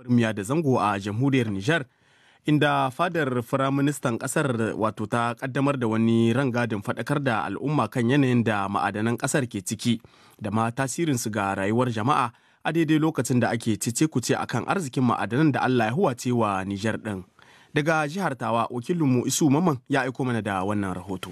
Birmiya da zango a jamhuriyar Nijar inda fadar firaministan ƙasar wato ta ƙaddamar da wani ran gadin faɗakar da al'umma kan yanayin da ma'adanan ƙasar ke ciki da ma tasirinsu ga rayuwar jama'a a daidai lokacin da ake cece kuce kan arzikin ma'adanan da Allah ya huwace wa Nijar ɗin. Daga jihar Tawa wakilinmu Isu Maman ya aiko mana da wannan rahoto.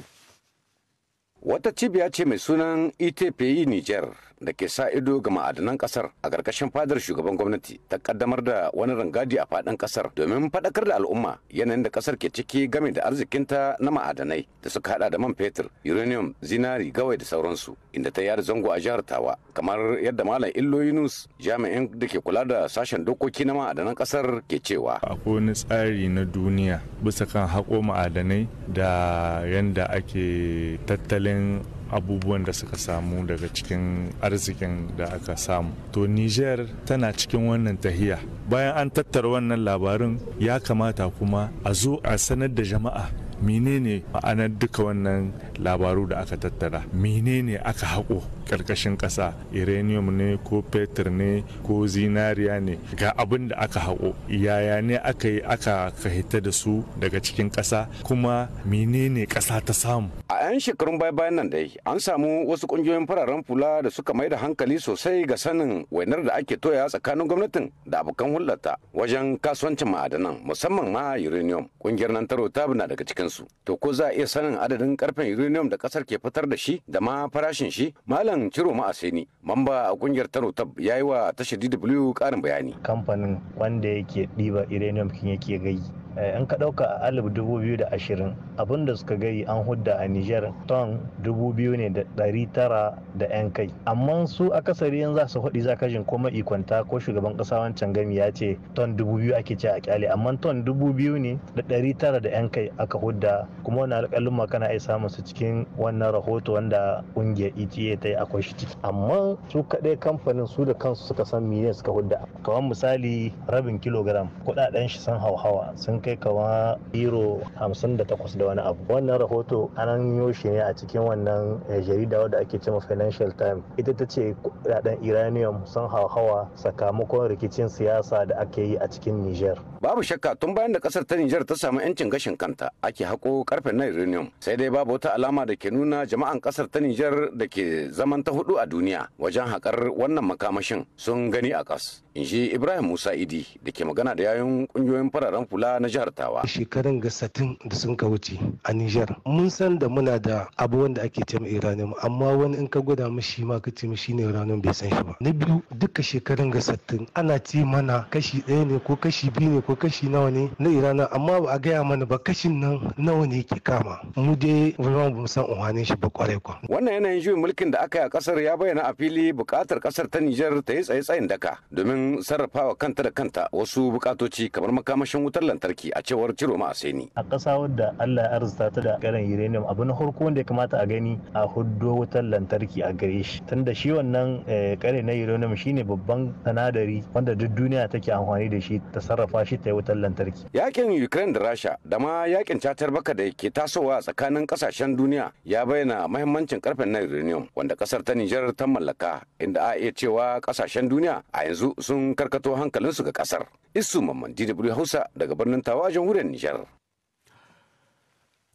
Wata cibiya ce mai sunan ITPI Nijar da ke sa ido ga ma'adanan kasar a ƙarƙashin fadar shugaban gwamnati ta kaddamar da wani rangadi a faɗin kasar domin faɗakar da al'umma yanayin da kasar ke ciki game da arzikinta na ma'adanai da suka hada da man fetur uranium zinari gawai da sauransu inda ta yada zango a jihar tawa kamar yadda malam illo yunus jami'in da ke kula da sashen dokoki na ma'adanan kasar ke cewa akwai wani tsari na duniya bisa kan haƙo ma'adanai da yanda ake tattalin abubuwan da suka samu daga cikin arzikin da aka samu to niger tana cikin wannan tahiya bayan an tattara wannan labarin ya kamata kuma a zo a sanar da jama'a menene ma'anar duka wannan labaru da aka tattara menene aka haƙo karkashin ƙasa uranium ne ko fetur ne ko zinariya ne ga abin da aka haƙo yaya ne aka yi aka kahita da su daga cikin ƙasa kuma menene ƙasa ta samu a 'yan shekarun baya bayan nan dai an samu wasu ƙungiyoyin fararen fula da suka mai da hankali sosai ga sanin wainar da ake toya tsakanin gwamnatin da abokan hulɗarta wajen kasuwancin ma'adanan musamman ma uranium ƙungiyar nan ta na daga cikinsu to ko za a iya sanin adadin karfen uranium da ƙasar ke fitar da shi da ma farashin shi malam Mamman Ciro Ma'aseni, mamba a kungiyar Tano Tab ya yi wa tashar DW karin bayani. Kamfanin wanda yake ɗiba uranium kin yake gai. Eh, in ka ɗauka a alif dubu biyu da ashirin abin da suka gai an hudda a Nijar ton dubu biyu ne da ɗari tara da 'yan kai amma su akasari yanzu su hudu zakashin ko ikonta ko shugaban ƙasa wancan gami ya ce ton dubu biyu ake ce a kyale amma ton dubu biyu ne da ɗari tara da 'yan kai aka hudda kuma wani alƙalin makana ai samun su cikin wannan rahoto wanda ƙungiyar ETA ta yi a akwai shi ciki amma su kaɗai kamfanin su da kansu suka san miliyan suka hudda kawan misali rabin kilogram kuɗaɗen shi sun hauhawa sun kai kawa euro hamsin da takwas wani abu wannan rahoto an yo shi ne a cikin wannan eh, jarida wadda ake cewa financial time ita ta ce kuɗaɗen iranium sun hauhawa sakamakon rikicin siyasa da ake yi a cikin niger babu shakka tun bayan da kasar ta niger ta samu 'yancin gashin kanta ake hako karfe na iranium sai dai babu wata alama da ke nuna jama'an kasar ta niger da ke zama zaman ta hudu a duniya wajen haƙar wannan makamashin sun gani a kas in shi ibrahim musa idi da ke magana da yayin kungiyoyin fararen fula na jihar tawa shekarun ga satin da sun ka wuce a nijar mun san da muna da abu wanda ake ce iranium amma wani in ka gwada mishi ma ka ce mishi ne iranium bai san shi ba na biyu duka shekarun ga satin ana ce mana kashi ɗaya ne ko kashi biyu ne ko kashi nawa ne na irana amma ba a gaya mana ba kashin nan nawa ne ke kama mu dai ba mu san uwanin shi ba kwarai kwa wannan yanayin juyin mulkin da aka yi a kasar ya bayyana a fili bukatar kasar ta Nijar ta yi tsaye-tsayen daka domin sarrafawa kanta da kanta wasu bukatoci kamar makamashin wutar lantarki a cewar Ciroma Aseni. A kasa wadda Allah ya arzuta ta da garin uranium abu na farko wanda ya kamata a gani a huddo wutar lantarki a gare shi tunda shi wannan kare eh, na uranium shine babban sanadari wanda duk duniya take amfani da shi ta sarrafa shi ta yi wutar lantarki. Yakin Ukraine da Rasha da ma yakin catar baka da ke tasowa tsakanin kasashen duniya ya bayyana mahimmancin karfen na uranium wanda kasar kasar ta Nijar ta mallaka inda a iya cewa kasashen duniya a yanzu sun karkato hankalinsu ga kasar. Isu Mamman DW Hausa daga birnin Tawa jamhuriyar Nijar.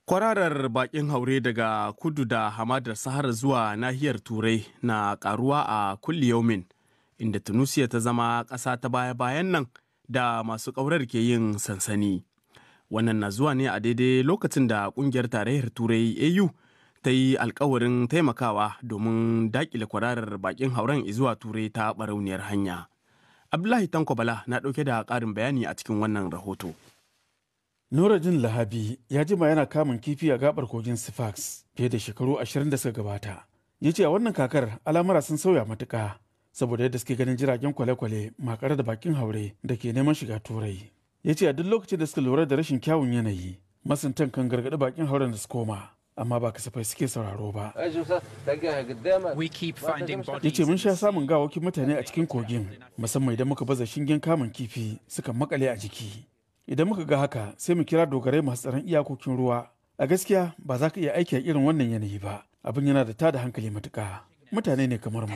Kwararar bakin haure daga kudu da hamadar Sahara zuwa nahiyar Turai na karuwa a kulli yaumin inda Tunusiya ta zama ƙasa ta baya-bayan nan da masu ƙaurar ke yin sansani. Wannan na zuwa ne a daidai lokacin da ƙungiyar tarayyar Turai AU ta yi alkawarin taimakawa domin dakile kwararar bakin hauren zuwa turai ta barauniyar hanya abdullahi tanko bala na ɗauke da ƙarin bayani a cikin wannan rahoto norajin Lahabi ya jima yana kamun kifi a gabar kogin Sifax fiye da shekaru ashirin da suka gabata. Ya ce a wannan kakar al'amura sun sauya matuƙa saboda yadda suke ganin jiragen kwale-kwale makare da bakin haure da ke neman shiga turai. Ya ce a duk lokacin da suka lura da rashin kyawun yanayi masuntan kan gargaɗi bakin hauren da su koma amma ba kasafai suke sauraro ba. Ya ce mun sha samun gawakin mutane a cikin kogin musamman idan muka baza shingen kamun kifi suka makale a jiki. Idan muka ga haka sai mu kira dogarai masu tsaron iyakokin ruwa. A gaskiya ba za ka iya aiki a irin wannan yanayi ba. Abin yana da tada hankali matuka. Mutane ne kamar mu.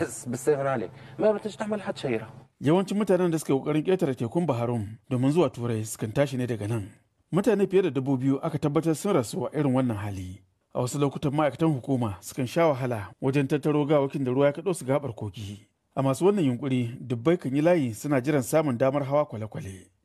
Yawancin mutanen da suke kokarin ƙetare tekun Baharum domin zuwa Turai sukan tashi ne daga nan. Mutane fiye da dubu biyu aka tabbatar sun rasu a irin wannan hali. a wasu lokutan ma'aikatan hukuma sukan sha wahala wajen tattaro gawakin da ruwa ya kaɗo su gabar kogi a masu wannan yunkuri dubbai kan yi layi suna jiran samun damar hawa kwale-kwale